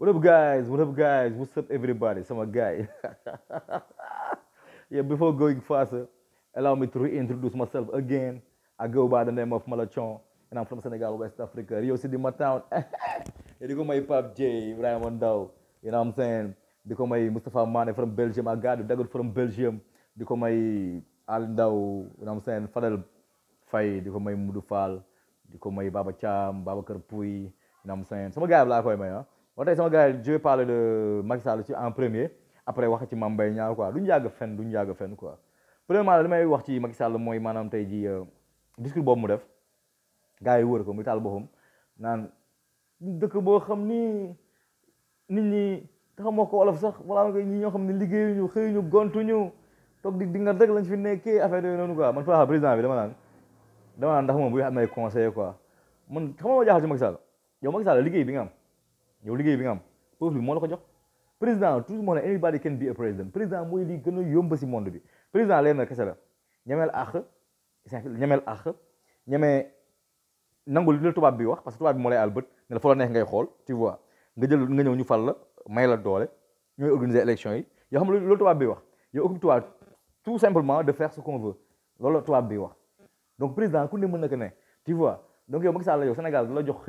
What up, guys? What up, guys? What's up, everybody? Some guy. yeah, before going faster, allow me to reintroduce myself again. I go by the name of Malachon, and I'm from Senegal, West Africa, Rio City, my town. Here you go, my pop J, Ryan Wandau. You know what I'm saying? Because my Mustafa Mane from Belgium, I got Dagot from Belgium. Because my Alindao, you know what I'm saying? Fadel Faye, because my Mudufal, because my Baba Cham, Baba Kerpui. you know what I'm saying? Some guy, Black Boy, man. Huh? moo tax sama gars je vais parler de Macky Sall ci en premier après wax ci gafan, Mbaye Niang quoi duñ yàgg fenn duñ yàgg fenn quoi premièrement li may wax ci Macky Sall mooy maanaam tey jii euh, discours boobu mu def gars yi wër ko muy taal boppam naan dëkk boo xam ni nit ñi xamoo ko wolof sax wala ñi ñoo xam ne liggéeyuñu xëyuñu gontuñu toog di di nga rek lañ fi nekkee affaire yooyu noonu quoi man fa président bi dama naan dama naan ndax moom bu ñu am quoi man xam nga ma ci Macky Sall yow Macky Sall liggéey bi nga am. yow liggéey bi nga am peuple moo la ko jox président toujours moo ne anybody can be a president président mooy li gën a yomb si monde bi président leen na kese la ñemeel àq ñemeel àq ñeme nangul li la tubaab bi wax parce que tubaab bi moo lay àll bët ne la ngay xool tu vois nga jël nga ñëw ñu fal la may la doole ñooy organiser élection yi yoo xam loolu tubaab bi wax yow occupe-toi tout simplement de faire ce qu'on veut loolu tubaab bi wax donc président ku mën na ko ne tu vois donc yow Macky Sall yow Sénégal la jox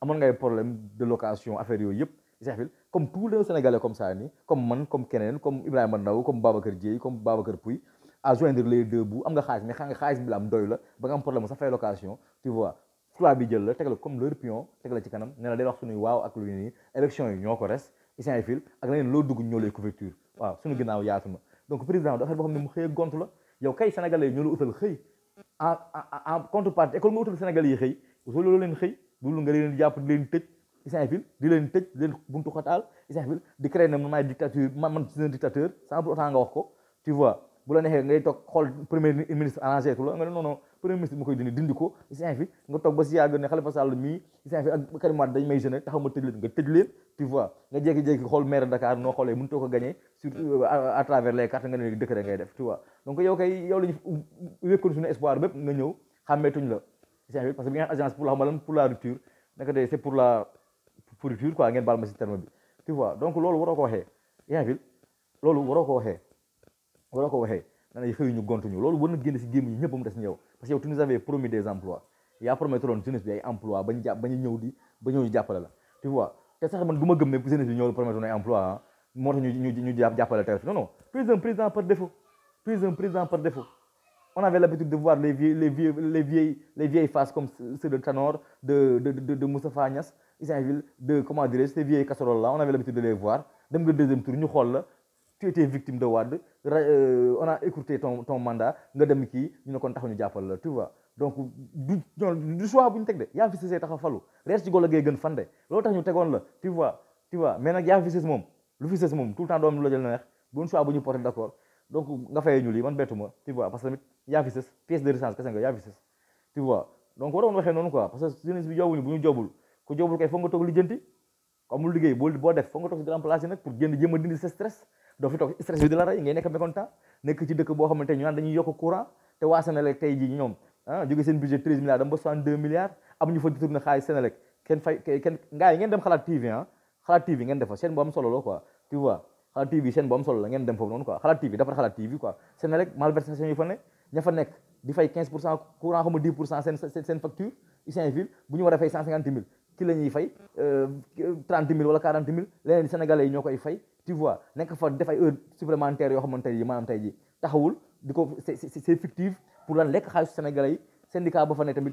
amoon ngay problème de location affaire yooyu yëpp Issaphil comme tous les Sénégalais comme ça ni comme man comme keneen comme Ibrahima Ndaw comme Babacar Dieye comme Babacar Pouy à joindre les deux bouts am nga xaalis mais xam nga xaalis bi la am doy la ba nga am problème sa fay location tu vois tubaab bi jël la teg la comme leur pion teg la ci kanam ne la wax suñuy waaw ak lu nii élection yi ñoo ko res Issaphil ak leneen loo dugg ñoo lay couverture dul nga leen jàpp di leen tëj Isaïfil di leen tëj di leen buntu xataal Isaïfil di créé ne man dictature man man c'est un dictateur sans pour autant nga wax ko tu bu la neexee ngay toog xool premier ministre arrangé ko la nga ne non non nga toog ba si yàgg ne Khalifa Sall mii Isaïfil ak Karim dañ may gêné taxaw ma tëj leen nga tëj leen tu nga jékki-jékki xool maire Dakar noo xoolee mënu too ko gagné surtout euh, à travers les cartes nga ne décret ngay la Saint-Louis parce que bi ngeen agence pour la xaw lan pour la rupture naka de c'est pour la pour rupture quoi ngeen baal ma si terme tu vois donc loolu waroo ko waxee yaa ngi loolu waroo ko waxee waroo ko waxee na ne xëyuñu loolu war na génn si gémmiñ ñëpp ba mu des ñëw parce que yow tu nous avais promis des emplois yaa promettoon jeunesse bi ay emploi ba ñëw di jàppale tu vois te sax man du ma gëm ne jeunesse bi ñëw promettoon ay emploi ah, moo tax ñu j ñu jàppale tey non on avait l'habitude de voir les vieilles, les vieilles, les vieilles, les vieilles faces comme ceux de Tanor, de, de, de, de Moussa Fagnas, de, comment dire, ces vieilles casseroles-là, on avait l'habitude de les voir. Dem le deuxième tour, nous là, tu étais victime de Wad, euh, on a écouté ton, ton mandat, nga dem ki, ñu ne kon taxu ñu jappal tu vois. Donc du choix Il tek a un fils qui taxa falu. Reste ci gol gay gën fandé. Lolu tax ñu tégon la, tu vois, tu vois. Mais nak ya fi sey mom, lu fi sey mom tout le temps doom lu la jël neex, bon choix buñu porter d'accord. donc nga fayee ñu lii man bettu ma tu vois parce que tamit yaa fi sës pièce de résistance kese nga yaa fi sës tu vois donc waroon waxee noonu quoi parce que jeunesse bi bu ñu jobbul ku jobbul kay foog nga toog lijjanti ku amul liggéey boo def foog nga toog si grand place yi nag pour génn jéem a dindi sa stress doo fi toog stress bi di la rey ngay nekk mécontent nekk ci dëkk boo xamante ñu tey jii ñoom ah, seen budget 13 milliards dem ba 62 milliards ah, am ñu fa détourné xalaat TV seen bu am solo la ngeen dem foofu noonu quoi xalaat TV dafa xalaat TV quoi seen rek malversation yi fa ne ña fa nekk di fay 15 pour cent courant xamu 10 pour cent seen seen facture Usain Ville bu ñu war a fay 150 000 ki la ñuy fay 30 euh, 000 wala 40 000 leneen sénégalais yi ñoo koy fay tu vois nekk fa def ay heures supplémentaires yoo xamante ne maanaam tey ji taxawul di ko c'est c'est fictif pour lan lekk xaalisu sénégalais yi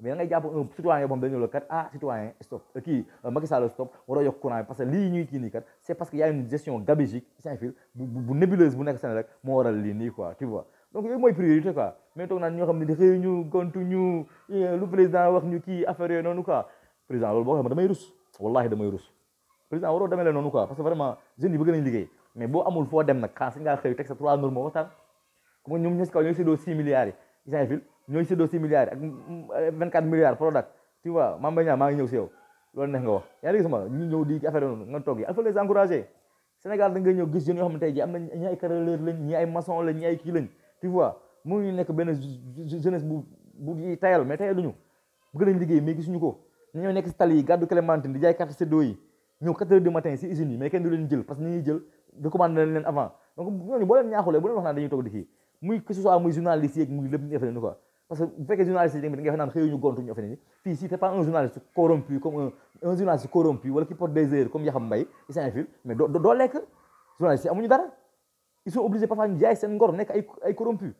mais da ngay jàpp un citoyen boo xam dañu la kat ah citoyen stop kii Macky stop waroo yokk courant bi parce que lii ñuy kii nii kat c' parce que y' une gestion gabégique sans fil bu bu bu nekk seen rek moo waral lii nii quoi tu vois donc yooyu mooy priorité quoi mais toog naan ñoo xam ne xëy ñu gontu liggéey mais boo amul foo dem nag xaalis ngaa xëy teg trois normes waxtaan comme ñoom ñoo si kaw ñooy séddoo six milliards yi fil ñooy séddoo si milliards ak 24 milliards Prodac tu vois Mame Mbaye Niang maa ngi ñëw si yow loolu neex nga wax yaa ngi gis ñu ñëw di affaire noonu nga toog yi il faut les da nga ñëw gis jeunes yoo xam ne tey jii am na ñi si tali muy que ce soit muy journaliste parce que bu fekkee journaliste yi tamit nga xam ne xëy ñu gontu ñu affaire yi si c'est pas un journaliste corrompu comme un un journaliste corrompu wala qui porte des airs, comme Yaxam Bay, et Saint-Fil mais doo do, lekk journaliste yi amuñu dara ils sont obligés parfois ñu jaay seen ngor nekk ay ay corrompu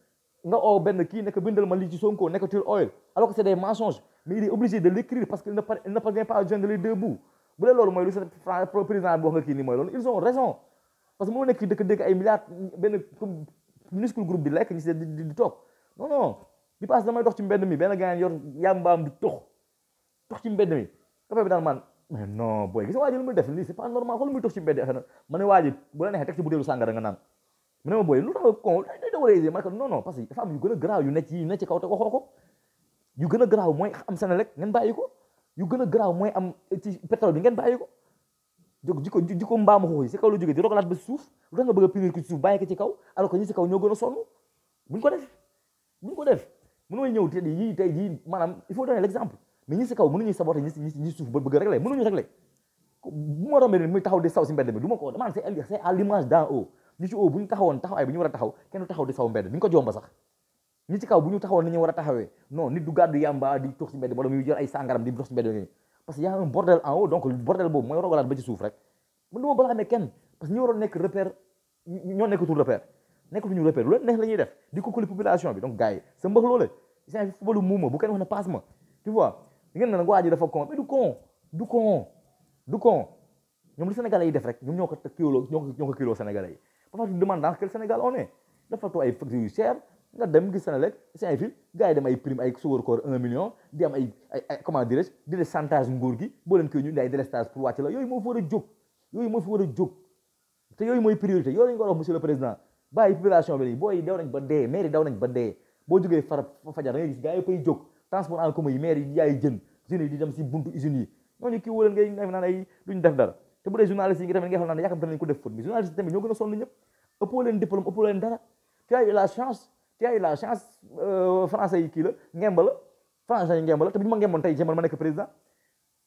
nga oo benn kii nekk bindal ma lii ci Sonko nekk tur oil alors que c'est des mensonges mais il est obligé de l'écrire parce qu'il ne il ne parvient pas à joindre les deux bouts bu dee loolu lu président bi wax nga kii nii mooy loolu ils ont raison parce que moo nekk dëkk dëkk ay milliards benn minuscule groupe di lekk ñu si di toog non non bi paas damay dox ci mbedd mi benn gars yor yàmbaam di tox tox ci mbedd mi dafa bi daan man mais non booy gis nga waa lu muy def lii c'est pas normal xool muy tox ci mbedd xanaa ma ne waa ji bu la neexee teg ci butéelu sàngara nga naan mu ma booy lu tax a yéesee ma ne ko non am yu gën a garaaw yu nekk yu ci kaw te waxoo yu gën a garaaw mooy am Senelec ngeen bàyyi ko yu gën a garaaw mooy am eh, ci pétrole bi ngeen bàyyi ko jikko jikko mbaamu xoox yi si kaw la jógee di rogalaat ba a punir ko ci suuf ko ci kaw mënoo ñëw te yii tey jii maanaam il faut donner l'exemple mais ñi si kaw mënuñu saboter ñi ñi suuf bëgg a régler mënuñu régler bu ma rombee taxaw di saw si mbedd mi ko maanaam c'est c'est à l'image d'en ci haut bu ñu taxawoon taxawaay bi ñu a taxaw kenn du taxaw di saw mbedd ko jomba sax ñu taxawoon ni ñu war a taxawee non nit du gàddu yàmba di toog si mbedd wala muy jël ay sàngaram di dox si mbedd parce que y a un bordel en haut donc bordel boobu mooy rogalaat ba ci suuf rek man du balaa ne kenn parce que ñi waroon nekk repère ñoo nekkatul repère nekkul ñu repère lu leen neex la ñuy def di ko kuli population bi donc gars yi sa mbëx loole c'est footballu muuma bu kenn wax ne passe ma tu vois ngeen ne nag waa ji dafa con mais du con du con du con ñoom lu Sénégalais yi def rek ñoom ñoo ko kilo ñoo ko kilo Sénégalais yi parfois tu demandes dans quel Sénégal on est dafa too ay factures yu cher nga dem gis Sénélec c'est un fil gars yi dem ay prime ay suwar koor un million di am ay ay comment dirais-je di leen chantage nguur gi boo leen koy ñu di ay délestage pour wàcc la yooyu moo fi war a jóg yooyu moo fi war a jóg te yooyu mooy priorité yooyu lañu ko wax monsieur le président bàyyi population bi léegi booy daw nañ ba dee maire yi daw nañ ba dee boo jógee fara fajar da ngay gis gars transport en commun yi yaay jën usines di dem si buntu usines yi kii wóoleen ngay def naan ay duñ def te bu dee journaliste yi nga tamit nga xam naan yàkkamte nañ ko def faute mais journaliste tamit a sonn dara tu as la chance tu euh, yi kii la ngemba la français yi ngemba la te bu ñu ma ngemboon tey jéemal ma nekk président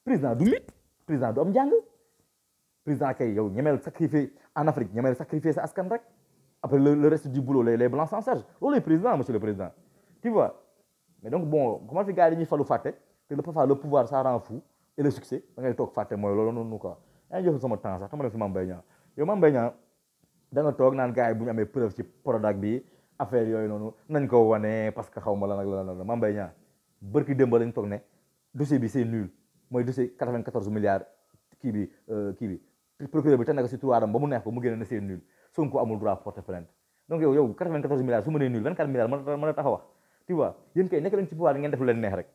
président du mit président du am njàng président kay yow ñemeel sacrifier en Afrique ñemeel sacrifier sa rek Après, le, le, reste du boulot, les, les blancs s'en chargent. Oh, le président, monsieur le président. Tu vois Mais donc, bon, comment fait gagner il Faté le faire Le pouvoir, le pouvoir, ça rend fou. Et le succès, on va toog Faté, moi, loolu non, quoi. yaa ngi jox sama temps ça, xam nga fi Mame Mbaye Niang yow Mame Mbaye Niang da nga toog naan gars yi bu ñu amee preuve ci product bi affaire yooyu noonu nañ ko wane parce que xaw ma lan ak lan la Mame Mbaye Niang bërki démb lañ dossier bi c'est nul Moi, dossier 94 milliards kii bi euh, kii bi procureur bi tànn ko si tuwaaram ba mu neex ko mu génne ne c'est nul. sunku amul dura porte fenent donc yow yow 94 milliards su mënee nul 24 milliards mën a taxaw wax tu vois yéen kay nekk leen ci pouvoir ngeen def lu leen neex rek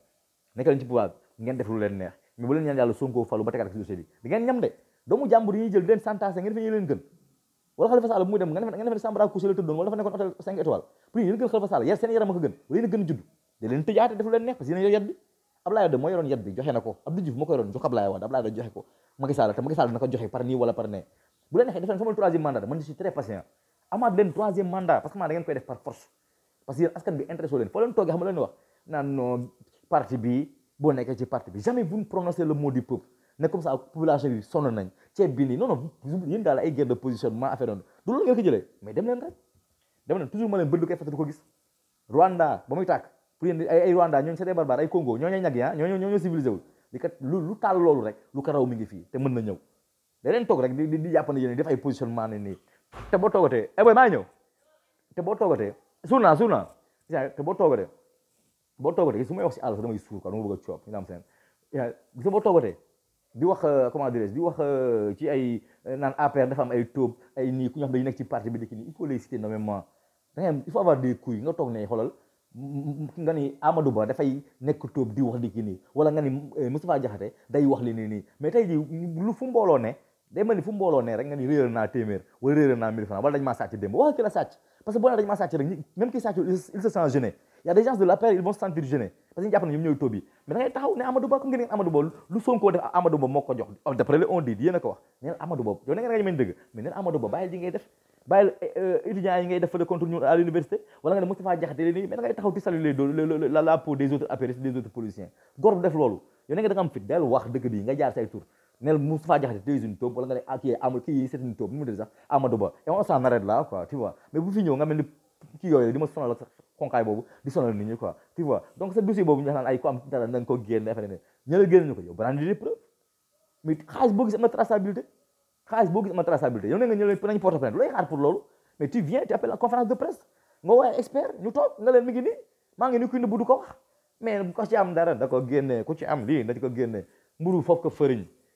nekk leen ci pouvoir ngeen def lu leen neex mais bu ñaan falu ba tegaat ci dossier bi di ngeen ñam de doomu jàmbur yi ñuy jël den santaase ngeen fi ñu gën wala Khalifa Sall bu dem ngeen ngeen defe Sambara Couché la tëddoon wala dafa nekkoon hôtel 5 étoiles pour yéen gën Khalifa Sall yar seen yaram a ko gën wala yéen gën judd da leen tëjaate def lu leen neex parce que yéen yor Ablaye Wade moo yoroon yet bi joxe na Abdou Diouf moo ko yoroon jox Ablaye Wade Ablaye joxe ko joxe par ni wala par ne bu leen neexee def leen sama troisième mandat man je suis très patient amaat leen troisième mandat parce que maa da ngeen koy def par force parce que askan bi intéressé wu leen foo leen toogee xam nga wax naan non parti bi boo nekkee ci parti bi jamais vous ne prononcez le mot du peuple ne comme ça population bi sonn nañ ceeb bini nii non non yéen daal ay guerre de positionnement affaire noonu du loolu ngeen ko jëlee ya? mais dem len rek dem len toujours ma leen bëdd koy fàttali ko gis Rwanda ba muy tàkk pour yéen ay Rwanda ñooñu c'est des barbares eh, ay Congo ñooñu ñag ya ah ñooñu ñooñu civilisé wul li kat lu lu taal loolu rek lu ko raw mi ngi fii te mën na ñëw da leen toog rek di di jàpp ne yéen def ay positionnement ne nii te boo toogatee eh boy maa ñëw te boo toogatee suur naa suur naa boo toogatee boo su may wax si a coob ñu am seen gis boo toogatee di wax euh, comment dirais-je di wax euh, ci ay euh, naan APR dafa ay tóob ay nii ku ñu xam ci parti bi dëkk nii il faut les citer nommément da nga toog ne xoolal nga ni Amadou Ba dafay nekk tóob di wax dikki nii wala nga ni Moustapha Diakhaté day wax li nii nii mais tey jii lu fu mbooloo ne day mel ni fu mbooloo ne nga ni réeral naa téeméer wala réeral naa mille francs wala dañ maa sàcc démb parce que boo nee dañ maa sàcc rek même ki sàcc il se sent gêné y a des gens de l'appel ils vont se sentir gênés mais da ngay taxaw ne Amadou Ba comme ngeen Amadou Ba lu Sonko def Amadou Ba moo ko jox a ko wax nga nga ñemeen dëgg li ngay def bàyyi nga ne Moustapha Diakhaté léegi mais la peau des autres apéristes des autres politiciens gor bu def loolu yow ne nga da nel Moustapha Diakhaté tu es une taupe wala nga ne ah kii amul kii c'est une taupe nu mu sax Amadou ma sonal ak xonkaay boobu di sonal nit ñi quoi tu vois donc sa ko am dara na nga ko génne ko yow banaan di preuve nañ porte plainte looy xaar pour loolu mais tu viens tu appelles la conférence de presse nga woo expert ñu toog nga leen mi ngi nii maa ngi ni kuy nëbbu du ko wax mais ku ci am dara da ko génne ku ci am lii da ko génne mburu foofu ko fëriñ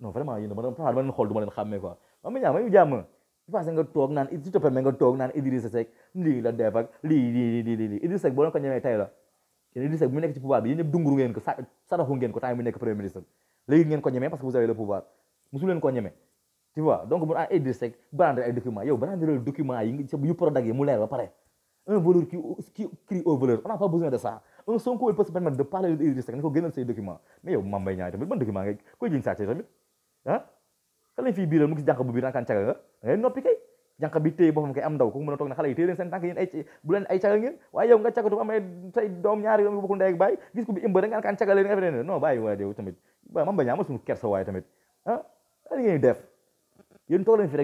non vraiment yéen dama doon xool duma leen xàmmee quoi man ma ñu jàmm passé leen ko ñemee ko saraxu ngeen ko temps bi ah, document yow yi yu product tamit ah ka lañ fiy biiral mu gis jànq bu biir naakaan caga nga da ngay bi téye boppam kay am ndaw kooku mën a toog ne xale yi téye leen seen tànk yéen ay leen ay caga ngeen waaye yow nga cagatu am ay say doom ñaari doom yu bokkul ndey ak bàyyi gis ko bi imba rek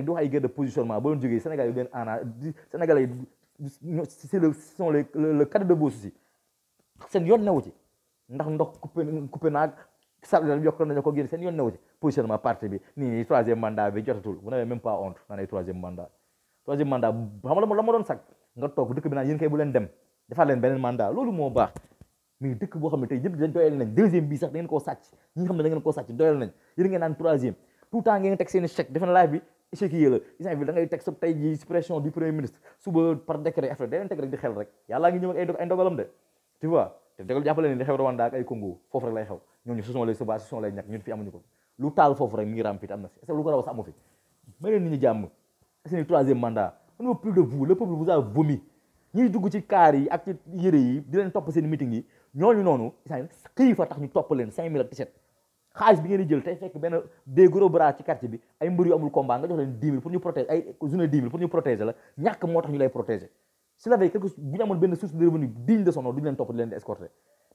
nga ay guerre de positionnement ba doon jógee Sénégal yi leen ana Sénégal le sont les le cadre de beau souci seen yoon newu ci ndax ndox coupé coupé naag sable yokk nañu ko génn seen yoon newu ci positionnement parti bi nii nii troisième bi jotatul vous n'avez même pas honte naan ay troisième mandat troisième mandat xam loolu moo baax mais dëkk boo xam ne tey yëpp dañ nañ deuxième bii sax da ngeen koo sàcc ñi nga bi échec yi la isaan bi da ji suppression du premier ministre suba par décret affaire da leen teg ngi ñëw ak ay de tu vois te dogal jàppale ne di xew Rwanda ak ay Congo foofu rek lay xew ñooñu ce sont les sauvages ce sont les ñàkk ñun fi amuñu ko lu taal foofu rek mi ngi rampite am na fi est jàmm seen troisième mandat on veut plus de vous le peuple vous a vomi ñuy dugg ci kaar yi ak ci yére yi di leen topp seen meeting yi ñooñu noonu xiifa tax ñu topp leen cinq mille ak dix-sept xaalis bi ngeen di jël tey fekk ci bi ay mbër amul combat nga jox leen dix mille pour ñu protéger la ñàkk moo tax ñu lay protéger si la veille quelque bu ñu benn source de revenu digne de son nom topp di leen di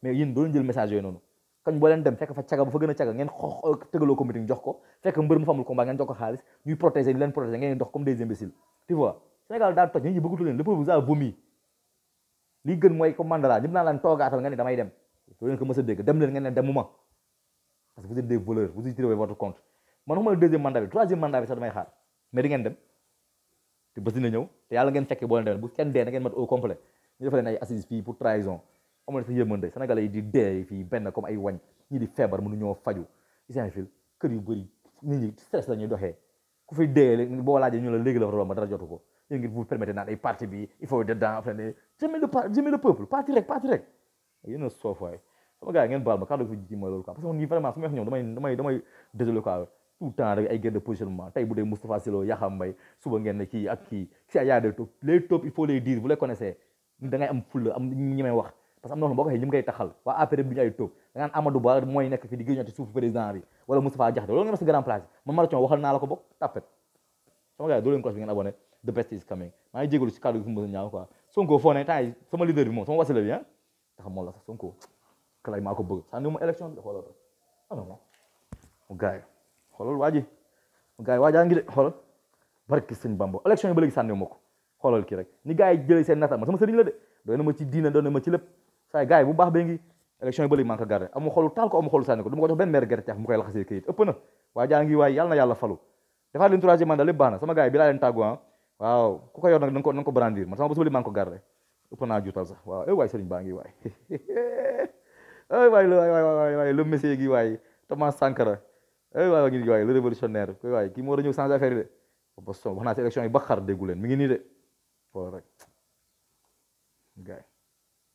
mais yéen doo leen jël message yooyu noonu kañ boo leen dem fekk fa caga bu fa gën a caga ngeen xoox euh, tëgaloo ko meeting jox ko fekk mbër mu fa amul combat ngeen jox ko xaalis ñuy protéger leen protéger ngeen dox comme des imbéciles tu vois Sénégal daal toj nit ñi bëggatu leen le peuple vous a vomi lii gën mooy comme mandala ñëpp naa laan toogaatal nga ne damay dem soo leen ko mës a dégg dem leen ngeen ne demuma parce que vous êtes des voleurs vous utilisez votre compte man xuma le deuxième mandat bi troisième mandat bi sax damay xaar mais di ngeen dem te bés dina ñëw te yàlla ngeen fekkee boo leen demee bu kenn dee na ngeen mat au complet ñu defal leen ay assises fii pour trahison amoon sa yërmande sénégalais yi di dee fii benn comme ay wañ ñii di feebar mënu ñoo faju Saint-Fil kër yu bëri nit ñi stress la doxee ku fi dee boo laajee ñu la léegi la fa romb ay parti bi il par jëmee le peuple parti rek parti rek yéen a soof ngeen baal ma kàddu gi ji mooy loolu quoi parce que man vraiment su ma wax ñoom damay damay damay désolé quoi tout temps ay guerre de positionnement tey bu dee Moustapha Silo Yaxam Mbaye suba ngeen ne kii ak kii si ay yaa de top les top il faut wax parce que am na loo xam boo ko xëyee ñu ngi koy taxal waa APR bi mooy nekk fi di gëñati suuf président bi wala a Diakhaté loolu nga def si grand place ko bokk tapet sama gars si kàddu gi fu mu ñaaw quoi Sonko foo ne temps yi sama ah ko bëgg saa ni ma élection bi xoolal ah non non mu gars yi xoolal waa ji ngi de xoolal barki sëñ Bamba élection yi ma ko xoolal kii rek ni gars yi jëlee seen natal ma sama sëriñ la de doy na ma ci diina doy na ma ci lépp saa gars yi bu baax bee ngi élection yi ba léegi maa ngi ko garde amu xolu taal ko amu xolu sànni ko du ko jox benn maire gerte caaf mu koy laxasee këyit ëpp na waa jaa ngi waay yàlla na yàlla falu defaat leen troisième mandat lépp baax na sama gars bi laa leen tàggu ah waaw ku ko yor nag na ko na ba léegi maa ngi ko garde ëpp naa eh, baa ngi waay eh, waay la waay waay waay le messier gi waaye Thomas Sankara ay eh, waay waay ngi waay le révolutionnaire koy waay kii moo war a ñëw changer affaire yi de ba wax naa si yi ba xar déggu leen mi ngi nii de wala